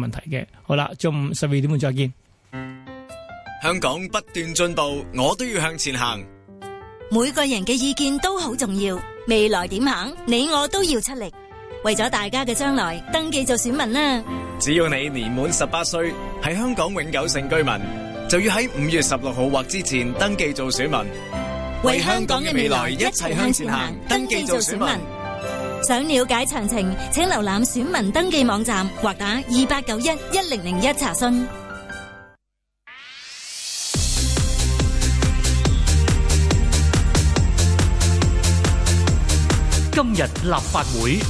問題嘅好啦，中午十二點半再見。香港不斷進步，我都要向前行。每個人嘅意見都好重要，未來點行，你我都要出力，為咗大家嘅將來，登記做選民啦。只要你年滿十八歲，係香港永久性居民，就要喺五月十六號或之前登記做選民，為香港嘅未來一齊向前行，登記做選民。想了解詳情，請瀏覽選民登記網站或打二八九一一零零一查詢。今日立法會。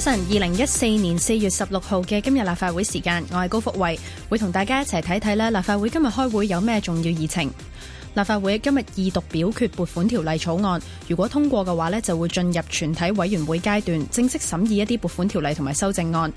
早晨，二零一四年四月十六號嘅今日立法會時間，我係高福慧，會同大家一齊睇睇咧立法會今日開會有咩重要議程。立法會今日二讀表決撥款條例草案，如果通過嘅話呢，就會進入全體委員會階段，正式審議一啲撥款條例同埋修正案。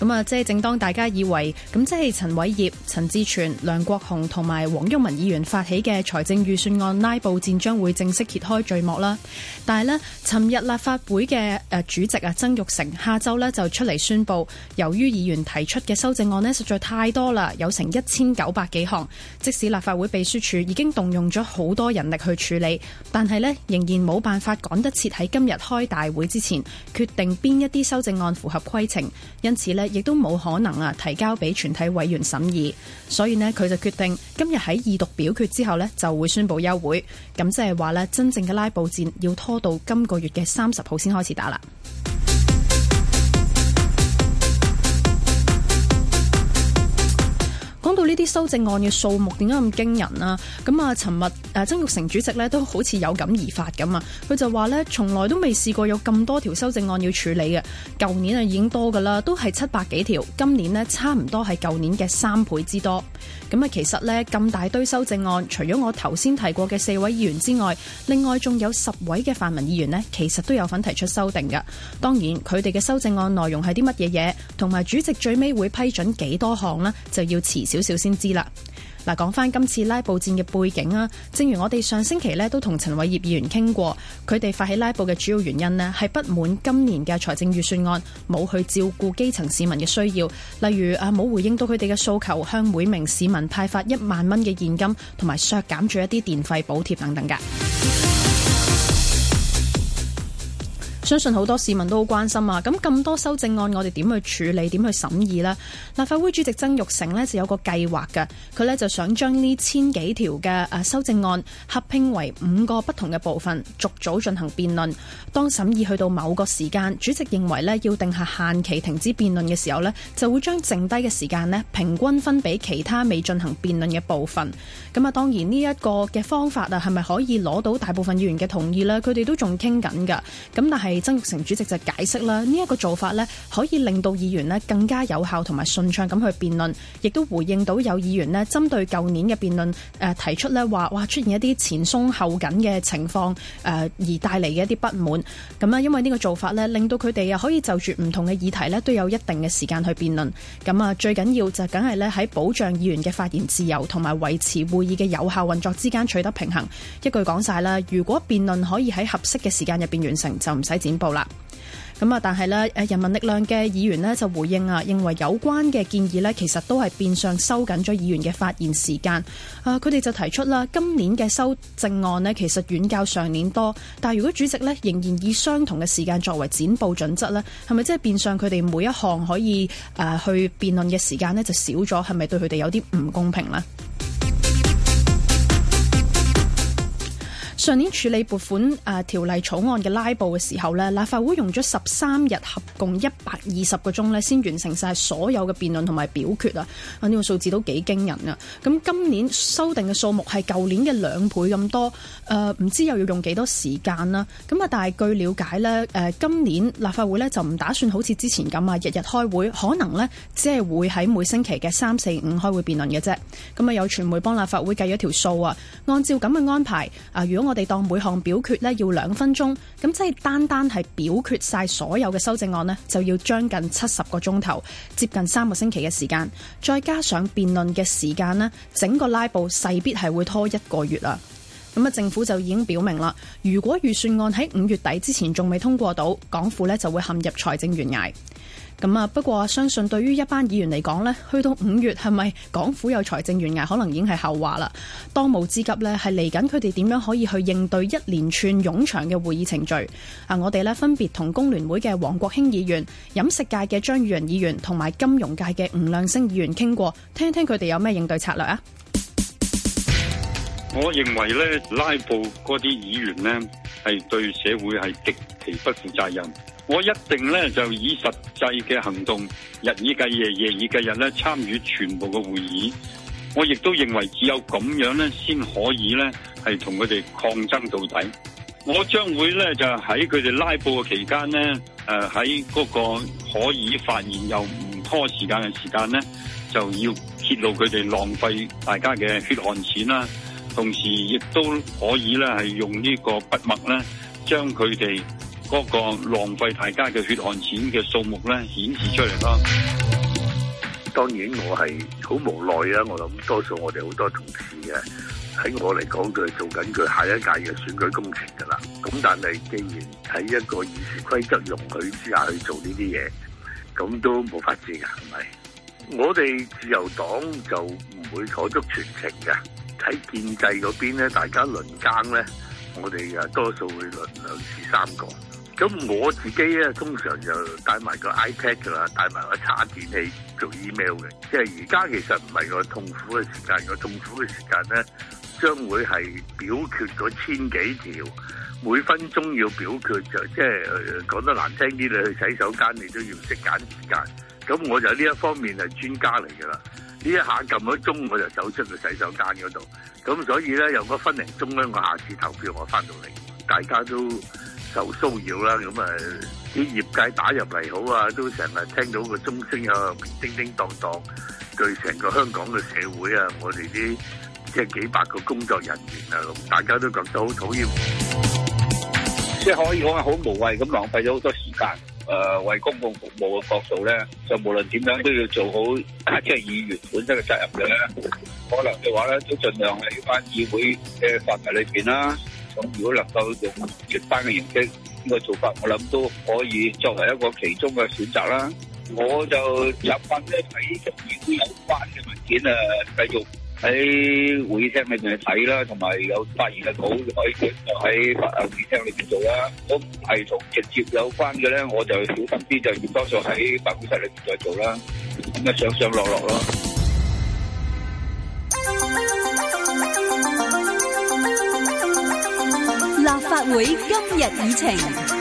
咁啊，即係正當大家以為咁，即係陳偉業、陳志全、梁國雄同埋黃毓民議員發起嘅財政預算案拉布戰將會正式揭開序幕啦。但係呢，尋日立法會嘅誒主席啊，曾鈺成下周呢就出嚟宣布，由於議員提出嘅修正案呢實在太多啦，有成一千九百幾項，即使立法會秘書處已經動用。用咗好多人力去處理，但係咧仍然冇辦法趕得切喺今日開大會之前決定邊一啲修正案符合規程，因此咧亦都冇可能啊提交俾全體委員審議，所以呢，佢就決定今日喺二讀表決之後呢就會宣布休會，咁即係話咧真正嘅拉布戰要拖到今個月嘅三十號先開始打啦。到呢啲修正案嘅數目點解咁驚人啊？咁啊，尋日誒，曾鈺成主席咧都好似有感而發咁啊，佢就話咧，從來都未試過有咁多條修正案要處理嘅。舊年啊已經多噶啦，都係七百幾條，今年呢，差唔多係舊年嘅三倍之多。咁啊，其實咧咁大堆修正案，除咗我頭先提過嘅四位議員之外，另外仲有十位嘅泛民議員呢，其實都有份提出修訂嘅。當然佢哋嘅修正案內容係啲乜嘢嘢，同埋主席最尾會批准幾多項呢，就要遲少少先知啦。嗱，講翻今次拉布戰嘅背景啊，正如我哋上星期咧都同陳偉業議員傾過，佢哋發起拉布嘅主要原因呢，係不滿今年嘅財政預算案冇去照顧基層市民嘅需要，例如啊冇回應到佢哋嘅訴求，向每名市民派發一萬蚊嘅現金，同埋削減咗一啲電費補貼等等㗎。相信好多市民都好關心啊！咁咁多修正案，我哋點去處理、點去審議咧？立法會主席曾鈺成咧，就有個計劃噶，佢咧就想將呢千幾條嘅修正案合併為五個不同嘅部分，逐組進行辯論。當審議去到某個時間，主席認為咧要定下限期停止辯論嘅時候咧，就會將剩低嘅時間咧平均分俾其他未進行辯論嘅部分。咁啊，當然呢一個嘅方法啊，係咪可以攞到大部分議員嘅同意咧？佢哋都仲傾緊噶。咁但係。曾鈺成主席就解釋啦，呢、這、一個做法咧可以令到議員咧更加有效同埋順暢咁去辯論，亦都回應到有議員咧針對舊年嘅辯論誒、呃、提出咧話，哇出現一啲前鬆後緊嘅情況誒、呃、而帶嚟嘅一啲不滿。咁啊，因為呢個做法咧令到佢哋啊可以就住唔同嘅議題咧都有一定嘅時間去辯論。咁啊，最緊要就梗係咧喺保障議員嘅發言自由同埋維持會議嘅有效運作之間取得平衡。一句講晒啦，如果辯論可以喺合適嘅時間入邊完成，就唔使。宣佈啦，咁啊，但係咧，誒，人民力量嘅議員呢，就回應啊，認為有關嘅建議呢，其實都係變相收緊咗議員嘅發言時間。啊，佢哋就提出啦，今年嘅修正案呢，其實遠較上年多，但係如果主席呢，仍然以相同嘅時間作為剪布準則呢，係咪即係變相佢哋每一項可以誒去辯論嘅時間呢，就少咗？係咪對佢哋有啲唔公平呢？上年處理撥款誒條例草案嘅拉布嘅時候呢，立法會用咗十三日，合共一百二十個鐘呢，先完成晒所有嘅辯論同埋表決啊！啊，呢個數字都幾驚人啊！咁今年修訂嘅數目係舊年嘅兩倍咁多，誒唔知又要用幾多時間啦？咁啊，但係據了解呢，誒今年立法會呢，就唔打算好似之前咁啊，日日開會，可能呢只係會喺每星期嘅三、四、五開會辯論嘅啫。咁啊，有傳媒幫立法會計咗條數啊，按照咁嘅安排啊，如果我哋當每項表決咧，要兩分鐘，咁即係單單係表決晒所有嘅修正案咧，就要將近七十個鐘頭，接近三個星期嘅時間，再加上辯論嘅時間啦，整個拉布勢必係會拖一個月啦。咁啊，政府就已經表明啦，如果預算案喺五月底之前仲未通過到，港府咧就會陷入財政懸崖。咁啊，不過相信對於一班議員嚟講咧，去到五月係咪港府有財政懸崖，可能已經係後話啦。當務之急咧，係嚟緊佢哋點樣可以去應對一連串冗長嘅會議程序。啊，我哋咧分別同工聯會嘅王國興議員、飲食界嘅張宇人議員同埋金融界嘅吳亮星議員傾過，聽聽佢哋有咩應對策略啊！我認為咧拉布嗰啲議員咧係對社會係極其不負責任。我一定咧就以實際嘅行動，日以繼夜、夜以繼日咧參與全部嘅會議。我亦都認為只有咁樣咧先可以咧係同佢哋抗爭到底。我將會咧就喺佢哋拉布嘅期間咧，誒喺嗰個可以發現又唔拖時間嘅時間咧，就要揭露佢哋浪費大家嘅血汗錢啦。同時亦都可以咧，係用呢個筆墨咧，將佢哋嗰個浪費大家嘅血汗錢嘅數目咧，顯示出嚟咯。當然我係好無奈啊！我諗多數我哋好多同事啊喺我嚟講，佢係做緊佢下一屆嘅選舉工程噶啦。咁但係既然喺一個議事規則容許之下去做呢啲嘢，咁都冇法子噶，係咪？我哋自由黨就唔會坐足全程嘅。喺建制嗰邊咧，大家輪更咧，我哋啊多數會輪兩至三個。咁我自己咧，通常就帶埋個 iPad 噶啦，帶埋個叉電器做 email 嘅。即係而家其實唔係個痛苦嘅時間，個痛苦嘅時間咧，將會係表決嗰千幾條，每分鐘要表決就即係講得難聽啲，你去洗手間你都要識揀時間。咁我就呢一方面係專家嚟噶啦。呢一下撳咗鐘，我就走出去洗手間嗰度。咁所以咧，有個分零鐘咧，我下次投票我翻到嚟，大家都受騷擾啦。咁啊，啲業界打入嚟好啊，都成日聽到個鐘聲啊，叮叮噹噹。對成個香港嘅社會啊，我哋啲即係幾百個工作人員啊，咁大家都覺得好討厭，即係可以講係好無謂咁浪費咗好多時間。誒、呃、為公共服務嘅角度咧，就無論點樣都要做好，即係議員本身嘅責任嘅咧。可能嘅話咧，都盡量喺返議會嘅範圍裏面啦。咁如果能夠用結班嘅形式呢個做法，我諗都可以作為一個其中嘅選擇啦。我就習慣咧喺同議會有關嘅文件誒繼續。喺會議廳裏邊去睇啦，同埋有，有發言嘅稿可以喺會議廳裏邊做啦。如果唔係同直接有關嘅咧，我就小心啲，就要多數喺辦公室裏邊再做啦。咁啊，上上落落咯。立法會今日議程。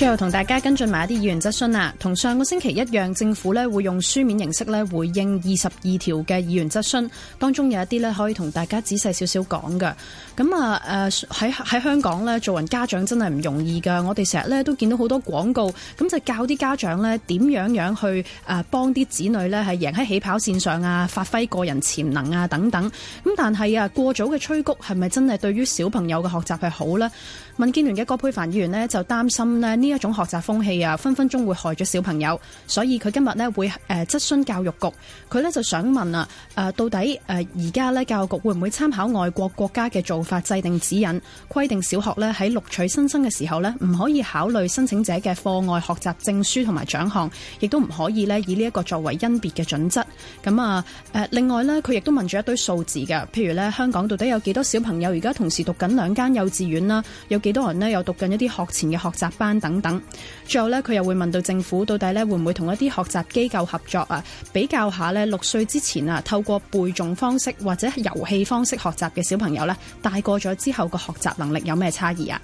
最後同大家跟進埋一啲議員質詢啊。同上個星期一樣，政府呢會用書面形式呢回應二十二條嘅議員質詢，當中有一啲呢可以同大家仔細少少講嘅。咁啊，誒喺，喺香港呢，做人家長真係唔容易噶，我哋成日呢都見到好多廣告，咁就教啲家長呢點樣樣去誒幫啲子女呢係贏喺起跑線上啊，發揮個人潛能啊，等等。咁但係啊，過早嘅催谷係咪真係對於小朋友嘅學習係好呢？民建聯嘅郭佩凡議員呢就擔心呢。呢一種學習風氣啊，分分鐘會害咗小朋友，所以佢今日呢會誒質詢教育局。佢呢就想問啊，誒、呃、到底誒而家呢，教育局會唔會參考外國國家嘅做法制定指引，規定小學呢喺錄取新生嘅時候呢，唔可以考慮申請者嘅課外學習證書同埋獎項，亦都唔可以呢以呢一個作為甄別嘅準則。咁啊誒，另外呢，佢亦都問咗一堆數字嘅，譬如呢，香港到底有幾多小朋友而家同時讀緊兩間幼稚園啦，有幾多人呢？有讀緊一啲學前嘅學習班等。等，等，最後咧，佢又會問到政府到底咧會唔會同一啲學習機構合作啊？比較下咧六歲之前啊，透過背誦方式或者遊戲方式學習嘅小朋友咧，大過咗之後個學習能力有咩差異啊？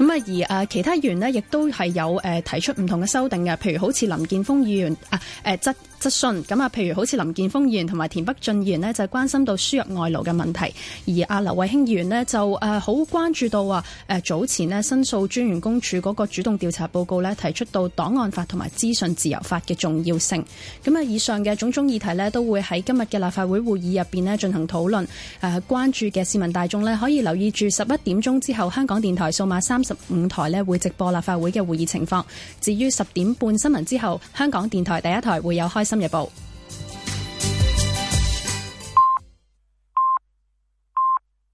咁啊，而誒其他議員咧，亦都係有誒提出唔同嘅修訂嘅，譬如好似林健鋒議員啊，誒質質詢，咁啊，譬如好似林健鋒議員同埋田北俊議員咧，就關心到輸入外勞嘅問題，而阿劉慧卿議員咧，就誒好關注到啊誒早前咧申訴專員公署嗰個主動調查報告咧，提出到檔案法同埋資訊自由法嘅重要性。咁啊，以上嘅種種議題咧，都會喺今日嘅立法會會議入邊咧進行討論。誒關注嘅市民大眾咧，可以留意住十一點鐘之後香港電台數碼三。五台呢會直播立法會嘅會議情況。至於十點半新聞之後，香港電台第一台會有開心日報。